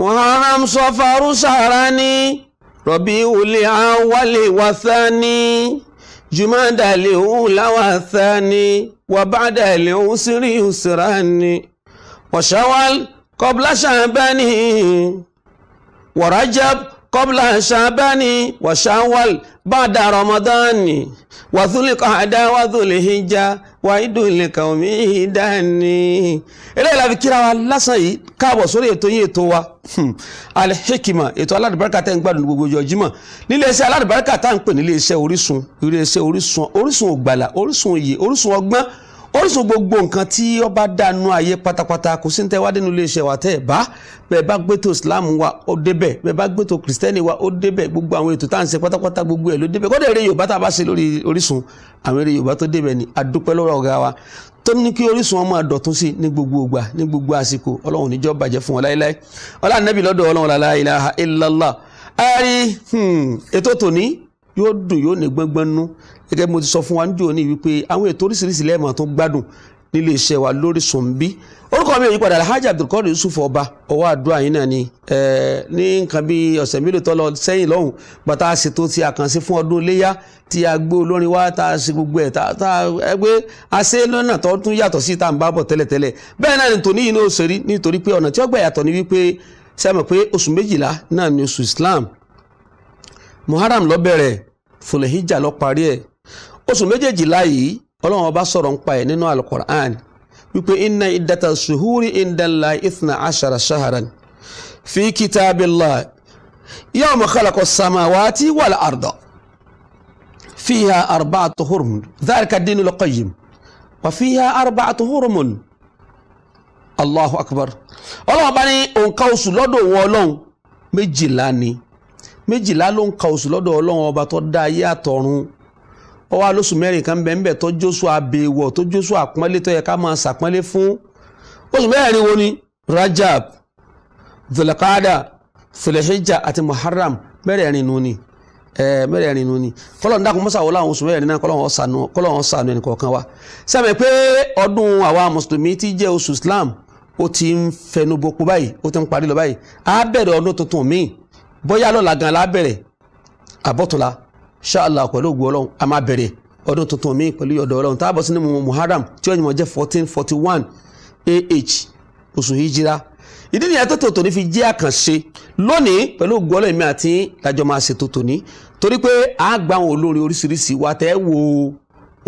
muharram sọfaru sarani rọ̀bí ulẹ̀ awálẹ̀ wàsání jùmọ̀dàlẹ̀ òwúlà wàsání wàbàdàlẹ̀ òsírí òsírání wàṣáwàl kọ́bláṣà bẹ́ni wàrájab قبل شعبان وشوال بعد رمضان وذو القعدة وذو الهجة وعيد لقوم داني eléyìí la fi kíra wa lásán yìí káàbọ̀ sórí ètò yín ètò wa hmm. alihikima ètò aládùbáríkà tẹ́ ń gbádùn gbogbo ọjọ́jímọ̀ níléeṣẹ́ aládùbáríkà tá à ń pè níléeṣẹ́ orísun iléeṣẹ́ orísun orísun ògbàlà orísun òye orísun ọgbọ́n orísun gbogbo nǹkan tí ó bá dànù ayé pátápátá kò sí ní tẹ́wá dénú iléeṣẹ́ wa tẹ́ ẹ̀ bá bẹ́ẹ̀ bá gbẹ́tò islam wa ó débẹ̀ bẹ́ẹ̀ bá gbẹ́tò kìrìsìtẹ́nì wa ó débẹ̀ gbogbo àwọn ètò tá à ń ṣe pátápátá gbogbo ẹ̀ ló débẹ̀ kọ́dọ̀ eré yorùbá tá a bá ṣe lórí orísun àwọn eré yorùbá tó débẹ̀ ni adúpẹ́ lọ́wọ́ ọ̀gá wa tó ní kí orísun ọmọ àdọ̀tún sí ní gbogbo ògbà ní gbogbo àsìkò ọlọ́run níjọ́ bàjẹ́ fún wọn láéláé ọlá nẹ́bí lọ́dọ̀ ọlọ́run la ilaha illallah a hmm, ètò tòní yóò dùn yóò ní gbọ́ngbọ́n nú gẹ́gẹ́ bí mo ti sọ fún wa ní jòní wípé àwọn ètò oríṣiríṣi lẹ́ẹ̀mọ̀ tó gbádùn nílé iṣẹ́ wa lórísun bí orúkọ mi ò yípadà alhaji abdulkadir yusuf ọba ọwọ́ àdúrà yín náà ni ní nǹkan bíi ọ̀sẹ̀ mélòó tó lọ sẹ́yìn lọ́hùn bàtà ṣètò ti àkànṣe fún ọdún iléyà tí a gbé olórin wá tá a ṣe gbogbo ẹ̀ tá a gbé aṣẹ́ lọ́nà tó tún yàtọ̀ sí tá à ń bá bọ̀ tẹ́lẹ̀tẹ́lẹ̀ bẹ́ẹ̀ náà ni tòní yìí ní òṣèré nítorí pé ọ̀nà tí ó gbà yàtọ̀ ni wípé sẹ́mi pé oṣù méjìlá náà ni oṣù islam muharram ló bẹ̀rẹ̀ fulehijja ló parí ẹ̀ oṣù méjèèjìlá yìí ọlọ́run ọba sọ̀rọ̀ ń pa ẹ̀ nínú alukur'an wípé inna iddata suhuri indala ithna ashara shaharan fi kitabillah yawma khalaqa samawati wal arda fiha arba'atu hurm dhalika dinu lqayyim wa fiha arba'atu hurmun allahu akbar ọlọ́run ọba ní òǹkà oṣù lọ́dọ̀ wọn méjìlá ni méjìlá ló ń ka lọ́dọ̀ ọlọ́run ọba tó dá ayé àtọ̀run ó wá lóṣù mẹ́rin kan bẹ́ẹ̀ ńbẹ̀ tó jóṣù àbẹ̀wọ̀ tó jóṣù àpọ́nlé tó yẹ ká máa ṣàpọ́nlé fún oṣù mẹ́rin wo ni Rajab Dhulqada Dhulhijja àti Muharram mẹ́rẹ̀ẹ̀rin nu ni mẹ́rẹ̀ẹ̀rin nu ni kọ́lọ́n dákun mọ́sà wọlé àwọn oṣù mẹ́rẹ̀ẹ̀rin náà kọ́lọ́n sànù ẹnì kọ̀ọ̀kan wa sẹ́mi pé ọdún àwa mùsùlùmí ti jẹ́ oṣù Islam ó ti ń fẹnu boko báyìí ó ti ń parí lọ báyìí á bẹ̀rẹ̀ ọdún tuntun míì bóyá lọ́la la ṣáàlà pẹ̀lú ògbó ọlọ́run a máa bẹ̀rẹ̀ ọdún tuntun mi pẹ̀lú ọ̀dọ̀ ọlọ́run tá a bọ̀ sí ní muharram tí ó yìnbọn jẹ́ fourteen forty one ah oṣù hijira ìdí nìyẹn tó tòótọ́ ní fi jẹ́ àkànṣe lónìí pẹ̀lú ògbó ọlọ́run mi àti lájọ máa ṣètò tòní torí pé a gba àwọn olórin oríṣiríṣi wa tẹ́ wo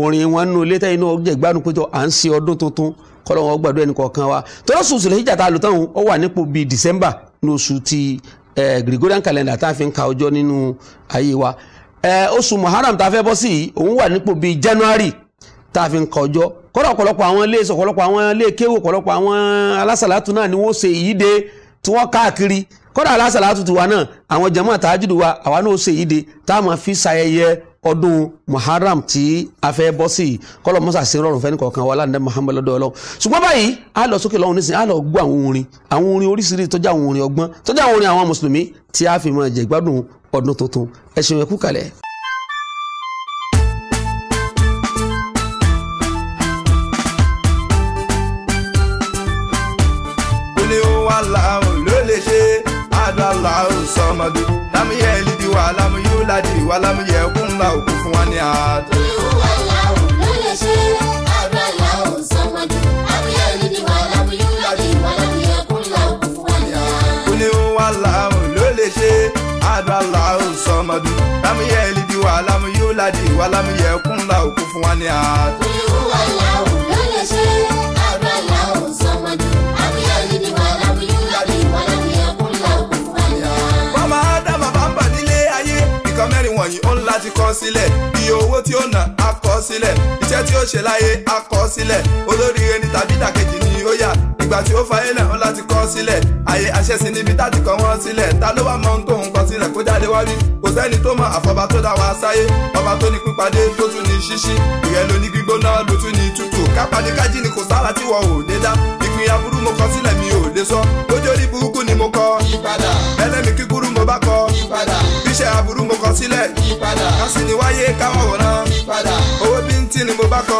orin wọn nínú ilé tẹ́yìn náà jẹ́ ìgbádùn pé à ń ṣe ọdún tuntun kọ́lọ́wọ́n gbàdúrà ẹnì kọ̀ọ̀kan wa tọ́lá sùsùlù hijab tá a lò táwọn ọ wà nípò bíi december ní oṣù ti eh, Gregorian calendar tá a fi ń ka ọjọ́ nínú ayé wa oṣù muharram ta a fẹ́ bọ́ sí yìí òun wà nípò bíi january tá fi ń kọjọ́ kọ́dọ̀ ọ̀pọ̀lọpọ̀ àwọn ilé ìsọ̀ ọ̀pọ̀lọpọ̀ àwọn ilé kéwò ọ̀pọ̀lọpọ̀ àwọn alásàlátù náà ni wọ́n ṣe ìyíde tí wọ́n káàkiri kọ́dọ̀ alásàlátù tiwa náà àwọn jàmáà tàájùdù wa àwa náà ṣe ìyíde fi ṣayẹyẹ ọdún muharram tí a fẹ́ bọ́ sí kọ́lọ̀ mọ́sà sí rọrùn fẹ́ nìkọ̀ọ̀kan wa aláǹdá muhammed lọ́dọ̀ ọlọ́run ṣùgbọ́n báyìí a lọ sókè lọ́hùn nísìnyí a lọ gbọ́ àwọn orin àwọn orin oríṣiríṣi tọ́jú àwọn orin ọgbọ́n tọ́jú àwọn orin àwọn mùsùlùmí tí a fi máa jẹ ìgbádùn ọdún tuntun ẹ ṣeun ẹ kalẹ̀. olè wà láwọn sọmọdún lámúyẹ lídì wá lámúyẹ ó ládìrì wá lámúyẹ kó ńlá òkú fún wa ní àádọ́. irú wa làwọn ló lè ṣe àdúrà làwọn sọmọdún lámúyẹ lídì wá lámúyẹ ó ládìrì wá ńlá òkú fún wa ní àádọ́. ó ní wa làwọn ló lè ṣe àdúrà wá lámúyẹ ó ládìrì ńlá òkú fún wa ní àádọ́. irú wa ló lè ṣe àdúrà a ti kọ sílẹ̀ iye owó tí ó ná a kọ sílẹ̀ iṣẹ́ tí ó ṣe láyé a kọ sílẹ̀ olóríire ni tàbí ìdàkejì ni ó yà ìgbà tí ó fayé náà ńlá ti kọ sílẹ̀ ayé àṣẹsí níbi tá ti kọ sílẹ̀ ta ló wà mọ ohun tó ń kọ sílẹ̀ kó jáde wá rí kò sẹ́ni tó mọ àfọ̀bá tó dá wa sáyé ọba tó ní pípadé tó tún ní ṣíṣí ìrẹ́ ló ní gbígbóná ló tún ní tútù kápadé kájí ni kò sára tí wọ́n ò lè dá ìpínyà mo kọ sílẹ̀ mi ò lè sọ lójórí burúkú ni mo kọ. yípadà bá kọ bíṣẹ́ aburú mo kọ sílẹ̀ kásì ni wáyé káwọn wòran owó bíntín ni mo bá kọ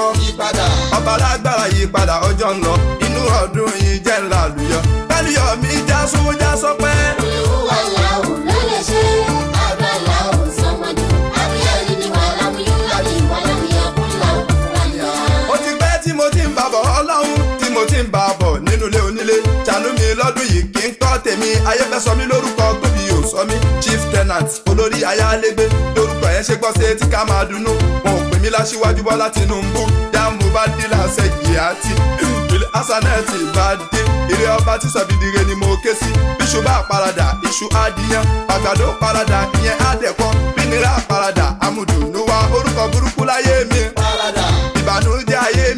ọba alágbára yí padà ọjọ́ ń lọ inú ọdún yìí jẹ́ ńlá àlùyọ lálùyọ mi já súnmọ́ já sọpẹ́. olùwà làwọn ló lè ṣe àgbà làwọn sọmọdún. bá a bọ̀ nínú ilé onílé tànú mi lọ́dún yìí kí n tọ́ tèmi ayé fẹ́ sọ mí lórúkọ. Mat olórí ayálégbé lórúkọ yẹn ṣe gbọ́ sí etí ká máa dunnú wọn ò pè mí láṣíwájú Bọ́lá Tinubu dá Mohbad dílà ṣẹ́gi àti ìpìlẹ̀ hasanet bá dé ilé ọba tí sọ̀bìdìrẹ́ ni mo ké sí bíṣu bá paradà iṣu adìyàn àgbàdo paradà ìyẹn àdẹ̀kọ́ bínira paradà amúdùnúwa orúkọ burúkú láyé mi paradà ìbànújẹ́ ayé mi.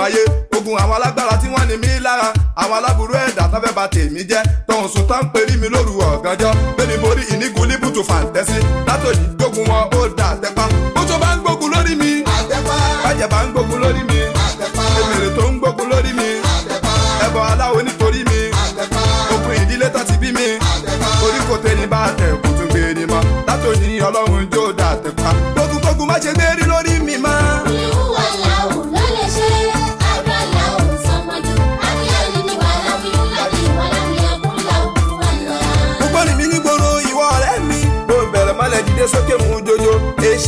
ogun ayé ogun àwọn alágbára tí wọ́n ní mí lára àwọn aláburú ẹ̀dá tó fẹ́ bà tèmi jẹ́ tóun sùn tán perí mi lóru ọ̀gànjọ́ bẹ́ẹ̀ni mo rí ìnígun níbùtù fàǹtẹ́sí látòjì gbógun wọn ó dà àtẹ́pá bójú bá ń gbógun lórí mi àtẹ́pá bàjẹ́ bá ń gbógun lórí mi àtẹ́pá èmèrè tó ń gbógun lórí mi àtẹ́pá ẹbọ aláwo nítorí mi àtẹ́pá ogun ìdílé tó ti bí mi àtẹ́pá orí kò tẹ́ ní bá àtẹ̀kùn tún ni mọ́ látòjì ọlọ́run jó dà àtẹ́pá gbógun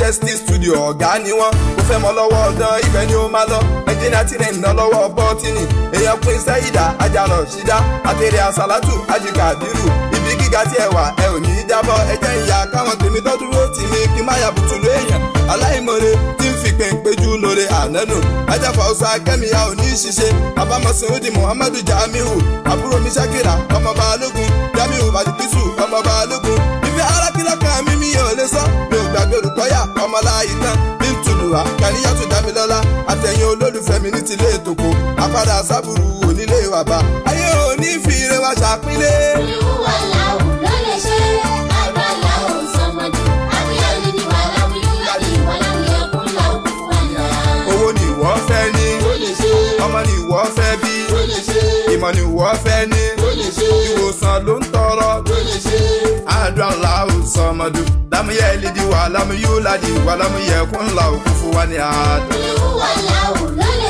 Chesty studio ọ̀gá ni wọ́n mo fẹ́ mọ lọ́wọ́ ọ̀dán ibẹ̀ ni ó máa lọ ẹ̀jẹ̀ náà ti rìn ná lọ́wọ́ bọ́tìnì èèyàn pín sẹ́yìdá ajalọ̀ ṣídá àtẹ̀rẹ̀ àsálátù àjùkàbírù ibi gíga tí ẹ wà ẹ ò ní í jábọ́ ẹ̀jẹ̀ ìyá káwọn tèmi tó dúró tì mí kí má yàbùtù ló èèyàn aláìmoore tí ń fi pèǹpéjú lóore ànánù ajáfa ọsọ di Muhammadu Jamiu àbúrò mi Ṣakira ọmọ mi ní tilé tòkó apádà sábúrú onílé bàbá ayé òní fi ire wa ṣàpínlé. ìwúwa làwọn fẹ́ ní ìwòsàn ló ń tọrọ àdúrà làwọn sọmọdé lámúyẹ lidi wà lámúyú ladi wà lámúyẹ kún làwọn kún fún wa ní àdó. ìwúwa làwọn.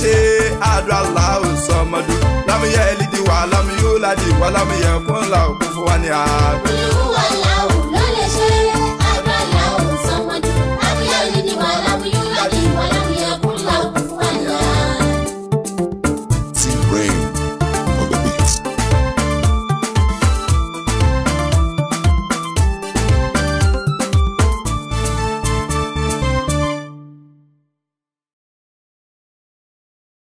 ṣe àdúrà láwù sọmọdún lámúyẹ ẹlídìí wà lámúyọ ládìí wà lámúyẹ kúńlá òkú fún wa ní àgbẹ̀. olúwa làwọn.